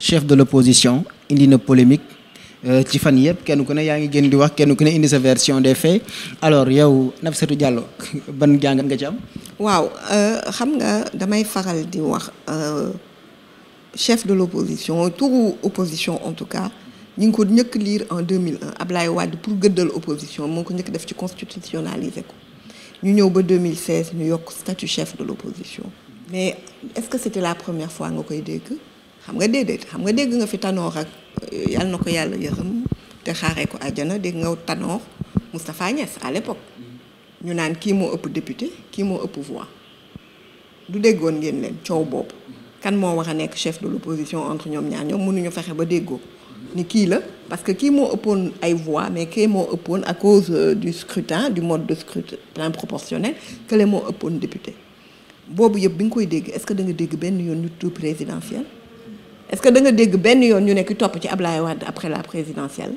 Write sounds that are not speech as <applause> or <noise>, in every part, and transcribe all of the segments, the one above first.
chef de l'opposition indi na polémique euh, ci fan yëpp kenn ku ne yaa ngi gën di wax kenn ku ne indi sa version des faits alors yow Nafissatou Diallo <laughs> ban jàngat nga ci am waaw euh, xam nga damay faral di wax euh, chef de l'opposition turu opposition en tout cas ñu ngi ko njëkk liir en 2001 Ablaye Wade pour gëddal opposition moo ko ñëkk def ci constitutionnaliser ko ñu ñëw ba 2016 ñu yokk statut chef de l'opposition mais est-ce que c'était la première fois nga koy dégg xam nga déedéet xam nga dégg nga fi Tanor ak euh, yàlla na ko yàlla yërëm te xaaree ko àjjana dégg nga Tanor Moustapha Niass à l'époque ñu naan kii moo ëpp député kii moo ëpp voix du déggoon ngeen leen coow boobu kan moo wax a nekk chef de l'opposition entre ñoom ñaar ñoom mënuñu fexe ba déggoo ni kii la parce que kii moo ëppoon ay voix mais kii moo ëppoon a cause euh, du scrutin du mode de scrutin proportionnel kële moo ëppoon député boobu yëpp bi nga koy dégg est-ce que da nga dégg benn yoon ñu tudd présidentielle est-ce que da nga dégg benn yoon ñu nekk topp ci Ablaye Wade après la présidentielle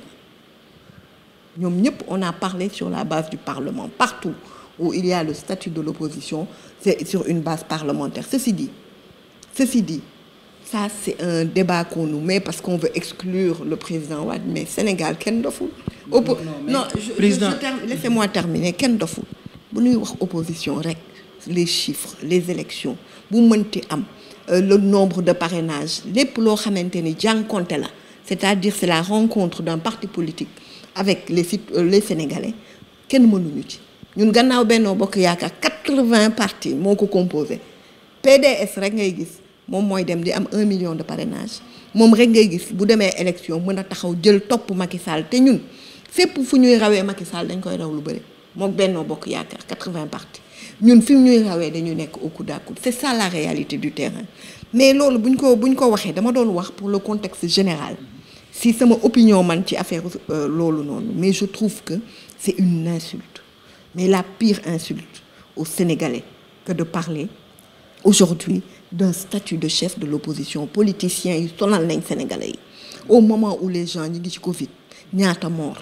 ñoom ñëpp on a parlé sur la base du parlement partout où il y a le statut de l'opposition c'est sur une base parlementaire ceci dit Ceci dit, ça c'est un débat qu'on nous mais parce qu'on veut exclure le président Wade mais Sénégal kenn doful. non non je, président je, je term... laissez-moi terminer kenn doful. bu ñuy wax opposition rek les chiffres les élections bu mënti am euh, le nombre de parrainages lépp loo xamante ni jànkonte la c'est-à-dire c'est la rencontre d'un parti politique avec les sit euh, les sénégalais kenn mënuñu ci. ñun gannaaw Benno Bokk Yaakaar quatre-vingts partis moo ko composé PDS rek ngay gis. moom mooy dem di am un million de parrainage moom rek ngay gis bu demee élection mën a taxaw jël topp Macky Sall te ñun fépp fu ñuy rawee Macky Sall dañ koy raw lu bëri mook Benno Bokk Yaakaar 80 parti ñun fi ñuy rawee dañu nekk au coude à coude c'est ça réalité du terrain mais loolu buñ ko ñu ko waxee dama doon wax pour le contexte général si sama opinion man ci affaire euh, loolu noonu mais je trouve que c'est une insulte mais la pire insulte aux Sénégalais que de parler aujourd'hui d'un statut de chef de l'opposition politiciens yi sonal nañ Sénégalais yi au moment où les gens ñi ngi ci Covid ñaata moor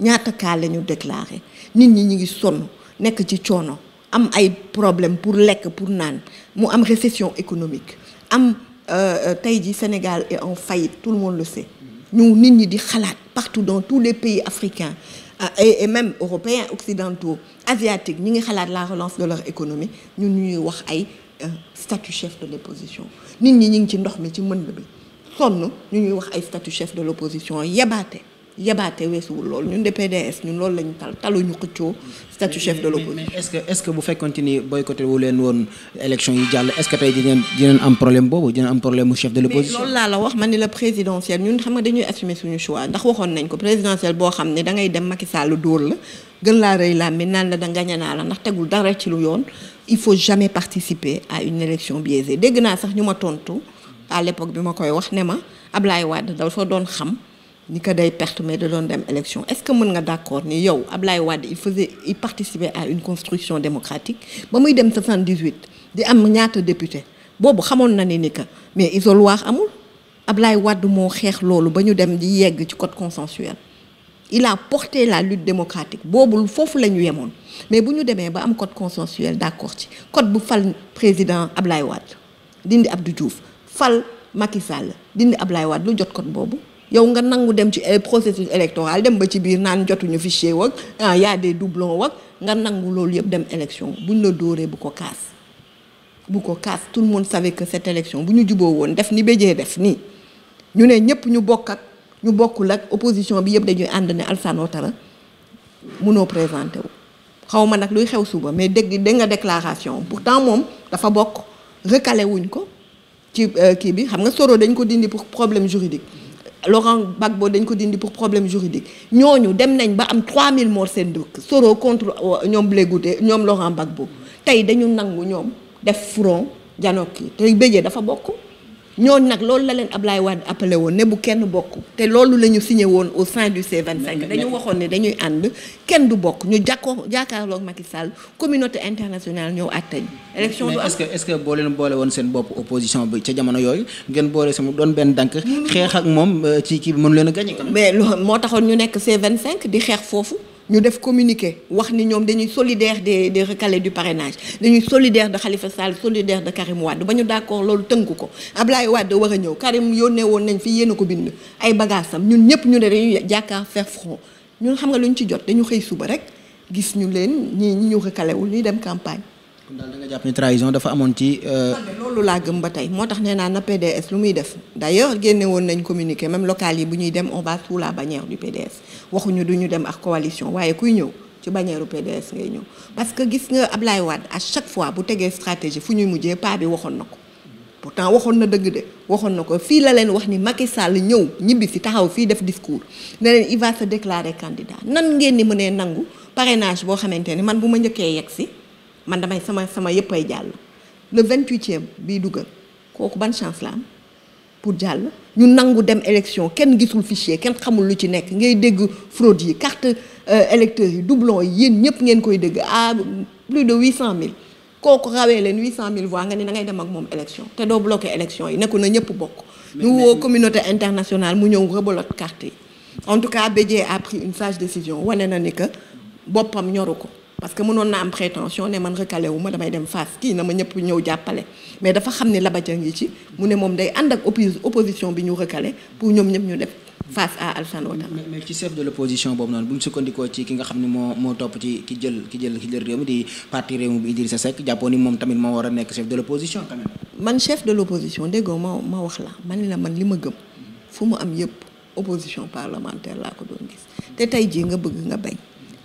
ñaata cas la ñu déclaré nit ñi ñi ngi sonn nekk ci coono am ay problème pour lekk pour naan mu am récession économique am euh, euh, tey ji Sénégal et en faillite tout le monde le sait ñu nit ñi di xalaat partout dans tous les pays africains euh, et même européens occidentaux asiatiques ñi ngi xalaat la relance de leur économie ñun ñuy wax ay Euh, statut chef de l'opposition nit ñi ñu ngi ci ndox mi ci mën bi sonn ñu ñuy wax ay statut chef de l'opposition yebaate yabaate weesuwul loolu ñun de PDS ñun loolu lañu tal taluñu xëccoo statut chef de l'opposition est-ce que est-ce que bu fekkonte ni boycotté wu leen woon élection yi jàll est-ce que tey dinañ dinañ am problème boobu dinañ am problème mu chef de l'opposition loolu laa la wax man ni la présidentielle ñun xam nga dañuy assumer suñu choix ndax waxoon nañ ko présidentielle boo xam ne da ngay dem Macky Sall dóor la gën laa rëy làmmiñ naan la da gañe naa la ndax tegul dara ci lu yoon il faut jamais participer à une élection biaisée dégg naa sax ñu ma tontu à l'époque bi ma koy wax ne ma ab Ablaye Wade dafa doon xam ni ko day perte mais da doon dem élection est-ce que mën nga d'accord ni yow Ablaye Wade il faisait il participait à une construction démocratique ba muy dem 78 di am ñaata député boobu xamoon na ne ni que mais isoloir amul Ablaye Wade moo xeex loolu ba ñu dem di yegg ci code consensuel il porté la lutte démocratique boobu foofu la ñu yemoon mais bu ñu demee ba am code consensuel d'accord ci code bu fal président Ablaye waat dindi ab du Diouf fal Macky Sall dindi ab Ablaye Wade lu jot code boobu yow nga nangu dem ci eh, processus électoral dem ba ci biir naan jotuñu fichier wak ah y a des nga nangu loolu yëpp dem élection ñu la dóoree bu ko kaas bu ko kaas tout le monde savait que cette élection bu ñu juboo woon def ni béjee def nii ñu ne ñëpp ñu bokk ak ñu bokkul ak opposition bi yëpp dañuy ànd ne Alassane Ouattara munoo présenté wu xaw ma nag luy xew suba mais dégg dégg nga déclaration pourtant moom dafa bokk recalé wuñ ko ci euh, kii bi xam nga Soro dañ ko dindi pour problème juridique Laurent Gbagbo dañ ko dindi pour problème juridique ñooñu dem nañ ba am 3000 mille seen dëkk Soro contre euh, ñoom Blé Goudé ñoom Laurent Gbagbo tey dañu nangu ñoom def front janook yi tey béjee dafa bokk ñooñu nag loolu la leen Ablaye Wade appelé woon ne bu kenn bokk te loolu la ñu signé woon au sein du C25 dañu waxoon ne dañuy ànd kenn du bokk ñu jàkkoo jàkkaarloog Macky Sall communauté internationale ñëw àtte ji élection du am est-ce que est-ce que boo leen boole woon seen bopp opposition bi ca jamono yooyu ngeen boole sama doon benn dànk xeex ak moom euh, ci kii bi mënu leen a gagné mais loolu moo taxoon ñu nekk C25 di xeex foofu ñu def communiqué wax ni ñoom dañuy solidaire de de recalés du parrainage dañuy solidaire de xalifa Sall solidaire de Karim Wade ba ñu d'accord loolu tënk ko Ablaye Wade war a ñëw Karim yónnee woon nañ fi yéen a ko bind ay bagaasam ñun ñëpp ñu ne dañuy jàkkaar faire front ñun xam nga lu ñu ci jot dañu xëy suba rek gis ñu leen ñii ñi ñu recalé wul ñuy dem campagne kon daal da jàpp ne trahison dafa amoon ci. Euh, loolu laa gëm ba tey moo tax nee naa na PDS lu muy def d' ailleurs génne woon nañ communiqué même local yi bu ñuy dem on va sous la bannière du PDS waxuñu du dem ak coalition waaye kuy ñëw ci bannière u PDS ngay ñëw. parce que gis nga Ablaye Wade à chaque fois bu tegee stratégie fu ñuy mujjee paa bi waxoon na ko pour pourtant waxoon na dëgg de waxoon na ko fii la leen wax ni Macky Sall ñëw ñibbi si taxaw fii def discours ne leen il va se déclarer nan ngeen ni mënee nangu parrainage boo xamante ni man bu ma njëkkee yegg si. man damay sama sama yëpp ay jàll le vingt-huitième bii dugal kooku ban chance la am pour jàll ñu nangu dem élection kenn gisul fichier kenn xamul lu ci nekk ngay dégg fraude yi carte euh, électeurs yi doublon yi yéen ñëpp ngeen koy dégg à ah, plus de huit cent mille kooku rawee leen huit cent mille voix nga ne da ngay dem ak moom élection te doo bloqué élection yi nekku na ñëpp bokk ñu woo communauté internationale mu ñëw rebolote carte yi en tout cas Bédié a pris une décision wane na ni que boppam ñoru ko parce que mënoon naa am prétention ne man recalé wu ma damay dem face kii na ma ñëpp ñëw jàppale mais dafa xam ne Labadia ngi ci mu ne moom day ànd ak opposition bi ñu recalé pour ñoom ñëpp ñu def face à Alassane Ouattara. mais l' opposition boobu noonu bu ñu sukkandikoo ci ki nga xam ne moo moo topp ci ki jël ki jël ki jël réew mi moom tamit moo war a nekk chef de l' opposition quand même. man chef de l' opposition déggoo ma ma wax la man la man li ma gëm fu mu am yëpp opposition parlementaire laa ko doon gis te tey jii nga bëgg nga bañ.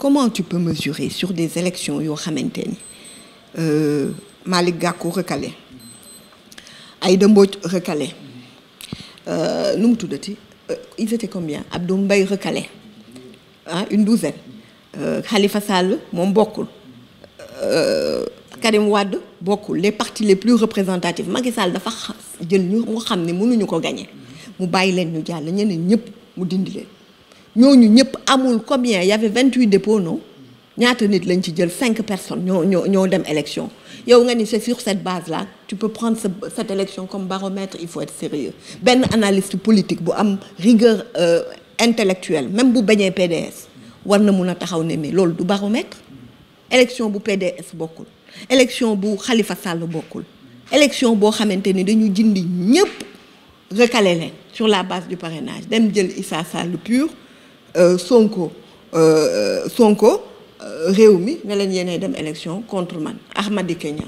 comment tu peux mesurer sur des élections yoo xamante ni euh, Malick Gakou recalé Aïda Mbodj recalé euh, nu mu tuddati euh, ils étaient combien Abdou Mbaye recalé ah une douzaine Khalifa Sall moom bokkul Karim Wade bokkul les partis les plus représentatifs Macky Sall dafa jël ñu mu xam ne mënuñu ko gagné mu bàyyi leen ñu jàll ñeneen ñëpp mu dindi leen. ñooñu ñëpp amul combien y avait 28 dépôts non ñaata nit lañ ci jël cinq personnes ñoo ñoo ñoo dem élection yow nga ni c'est sur cette base là tu peux prendre ce, cette élection comme baromètre il faut être sérieux benn analyste politique bu am rigueur euh, intellectuelle même bu bañee PDS war na mun a taxaw ne mais loolu du baromètre élection bu PDS bokkul élection bu xalifa Sall bokkul élection boo xamante ni dañu jindi ñëpp recalé sur la base du parenage dem jël Issa Sall pur Euh, Sonko euh, Sonko euh, réew mi ne leen yéenay dem élection contre man Ahmadi Kenya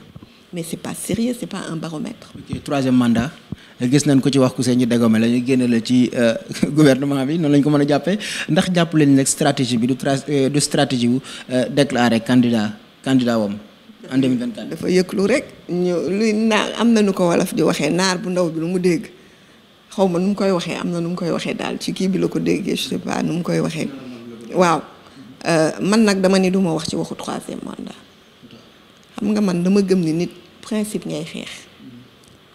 mais c'est pas sérieux c'est pas un baromètre. troisième mandat gis nañ ko ci wax ku seen ñu dégome la ñu génne la ci <laughs> gouvernement bi noonu lañ ko mën a jàppee ndax jàpp leen nag stratégie bi du tra du stratégie wu déclaré candidat candidat wam en 2024. dafa yëklu rek ñu luy naar am na nu ko wolof di waxee naar bu ndaw bi lu mu dégg. xaw ma nu mu koy waxee am na nu mu koy waxee daal ci kii bi la ko déggee je nu mu koy waxee waaw euh, man nag dama ni du ma wax ci waxu troisième mandat xam nga man dama gëm ni nit principe ngay xeex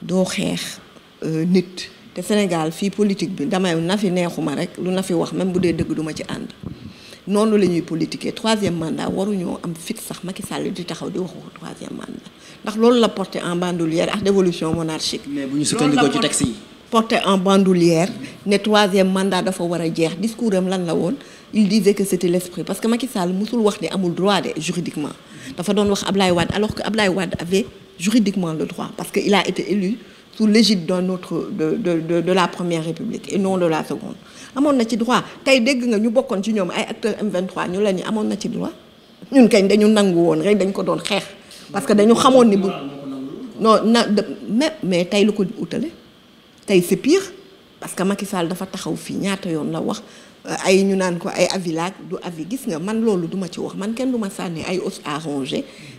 doo xeex euh, nit te Sénégal fii politique bi damay na fi neexuma rek lu na fi wax même bu dee dëgg duma ci ànd noonu la ñuy politiquer troisième mandat waruñoo am fit sax Macky Sall di taxaw di wax waxu troisième mandat ndax loolu la porte en bandoulière ak dévolution monarchique. mais bu ñu sukkandikoo ci texte yi. porté en bandoulière ne troisième mandat dafa war a jeex discours am lan la woon il disait que c'était l'esprit parce que Macky Sall musul wax ni amul droit de juridiquement dafa doon wax Ablaye Wade alors que Ablaye Wade avait juridiquement le droit parce que il a été élu sous l'égide d'un autre de de de de la première république et non de la seconde amoon na ci droit tey dégg nga ñu bokkoon ci ñoom ay acteurs M23 ñu la ni amoon na ci droit ñun kañ dañu woon rek dañ ko doon xeex parce que dañu xamoon ni bu non na mais mais tey lu ko utale tey c'est pire parce que Macky Sall dafa taxaw fii ñaata yoon la wax ay ñu naan ko ay avilaak du avi gis nga man loolu duma ci wax man kenn duma sànni ay os à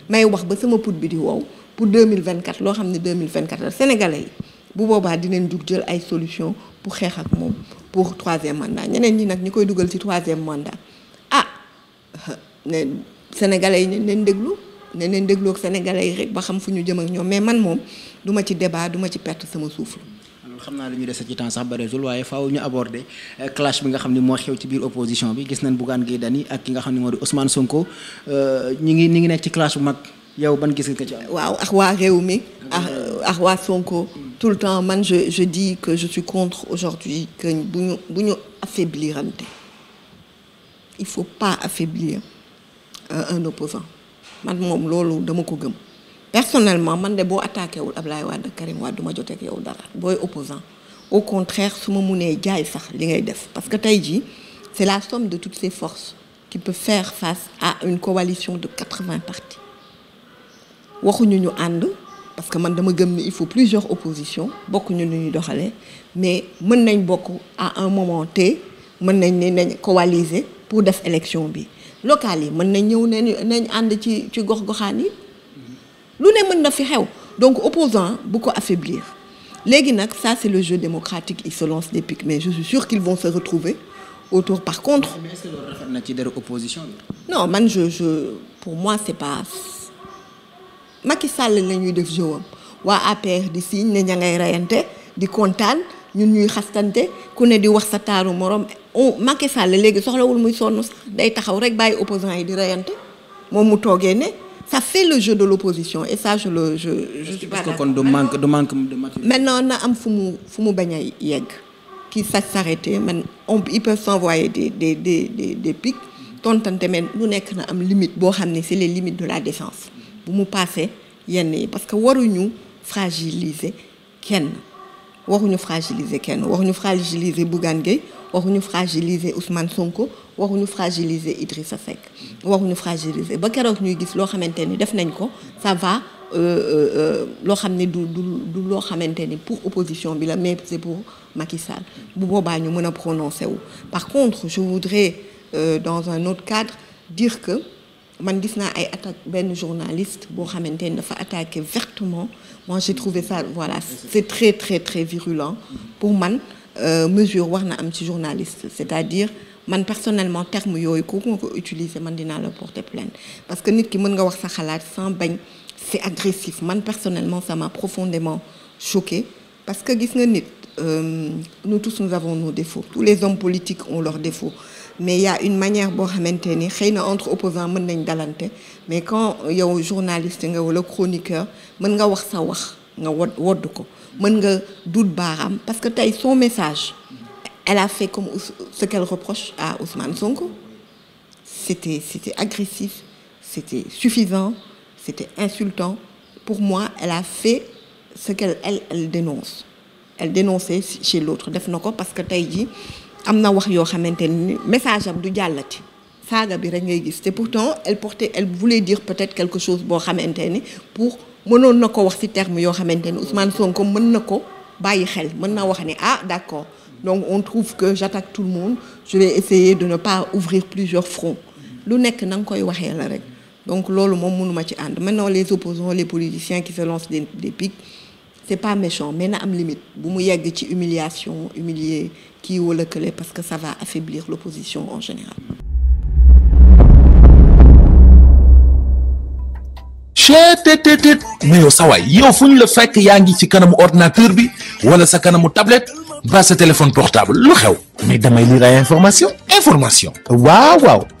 may wax ba sama put bi di wow pour mille vingt 2024 loo xam ne 2024 la sénégalais yi bu boobaa di dinañ jug jël ay solution pour xeex ak moom pour troisième mandat ñeneen ñi nag ñi koy dugal ci troisième mandat ah ne yi ne leen déglu ne leen déglu ak yi rek ba xam fu ñu jëm ak ñoom mais man moom duma ci débat duma ci perte sama souffle xam naa li ñu dese ci temps sax bareetul waaye faaw ñu aborder eh, clash bi nga xam ne moo xew ci biir opposition bi gis nañ Bougane Gueye Dany ak ki nga xam ne moo di Ousmane Sonko eh, ngi ñi ngi nekk ci clash bu mag yow ban gis nga ci am. waaw ak waa réew mi ak hmm. tout le temps man je je dis que bu bu ñu affaiblirante il faut euh, moom loolu dama ko gëm. personnellement man de boo attaqué wul Ablaye Wade ak Karim Wade du ma joteeg yow dara booy opposant au contraire su ma munee jaay sax li ngay def parce que tey jii c'est la somme de toutes ces forces qui peut faire face à une coalition de quatre-vingts partis waxuñu ñu ànd parce que man dama gëm il faut plusieurs oppositions bokkuñu nu ñuy doxalee mais mën nañ bokk à un moment te mën nañ ni nañ coaliser pour def élection bi locale yi mën nañ ñëw ne nañ ànd ci ci gox-goxaan yi. lu ne mën na fi xew donc opposant bu ko affaiblir léegi nag ça c'est le jeu démocratique ils se lancent des pics mais je suis sûre qu'ils vont se retrouver autour par contre mais na ci dara opposition bi man je je pour moi c'est pas Macky Sall la ñuy def jowam waa APR di siñ ne ña ngay reyante di kontaan ñun ñuy xastante ku ne di wax sa taaru morom Macky Sall léegi soxlawul muy sonn day taxaw rek bàyyi opposants yi di reyante moom mu toogee ne ça fait le jeu de l'opposition et ça je le je je suis pas d'accord de manque de manque de maturité maintenant na am fu mu fu mu bañ a yegg kii sax s'arrêter man on ils peuvent s'envoyer des des des des des pics tontante men lu nekk na am limite boo xam ne c'est les limites de la défense bu mu passé yenn yi parce que waruñu fragiliser kenn waruñu fragiliser kenn waruñu fragiliser Bougane Gueye waxuñu fragiliser Ousmane Sonko waxuñu fragiliser Idrissa Seck waxuñu fragiliser ba keroog ñuy gis loo xamante ni def nañ ko ça va euh, euh, euh, loo xam ne du du du loo xamante ni pour opposition bi la mais c'est pour Macky Sall bu boobaa ñu mën a prononcer wu. par contre je voudrais euh, dans un autre cadre dire que man gis naa ay attaque benn journaliste boo xamante ni dafa attaqué vertement moo j'ai trouvé ça voilà c'est très très très virulent pour man. Euh, mesure war na am ci journaliste c'est-à-dire man personnellement terme yooyu kooku nga ko utiliser man dinaa la porter plainte parce que nit ki mën nga wax sa xalaat sans bañ c'est agressif man personnellement ça m'a profondément choqué parce que gis nga nit euh, nous tous nous avons nos défauts tous les hommes politiques ont leurs défauts mais il y une manière boo xamante ni xëy na entre opposants mën nañ dalante mais quand yow journaliste nga wala chroniqueur mën nga wax sa wax nga wodd wodd ko mën nga dut baaraam parce que tey son message elle a fait comme ce qu'elle reproche à Ousmane Sonko c'était c'était agressif c'était suffisant c'était insultant pour moi elle a fait ce qu'elle elle elle dénonce elle dénonçait chez l'autre def na ko parce que tey jii am na wax yoo xamante ni message am du jàllati saaga bi rek ngay gis te pourtant elle portait elle voulait dire peut-être quelque chose boo xamante ni pour mënoon na ko wax ci terme yoo xamante ni ne Ousmane Sonko mën na ko bàyyi xel mën na wax ni ah d'accord donc on trouve que j'attaque tout le monde je vais essayer de ne pas ouvrir plusieurs fronts lu nekk na nga koy waxee la rek donc loolu moom mënuma ci ànd maintenant les opposants les politiciens qui se lancent des des pics c'est pas méchant mais na am limite bu mu yegg ci humiliation humilier kii wala kële parce que ça va affaiblir l'opposition en général cheetetetet mais yow sawaay yow fu ñu la fekk yaa ngi ci kanamu ordinateur bi wala sa kanamu tablet ba sa téléphone portable lu xew mais damay lire ay information information waaw waaw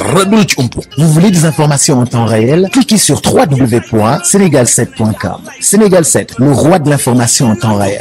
dara du la ci ump vous voulez des informations en temps réel cliquez sur www.senegal7.com Sénégal 7 le roi de l'information en temps réel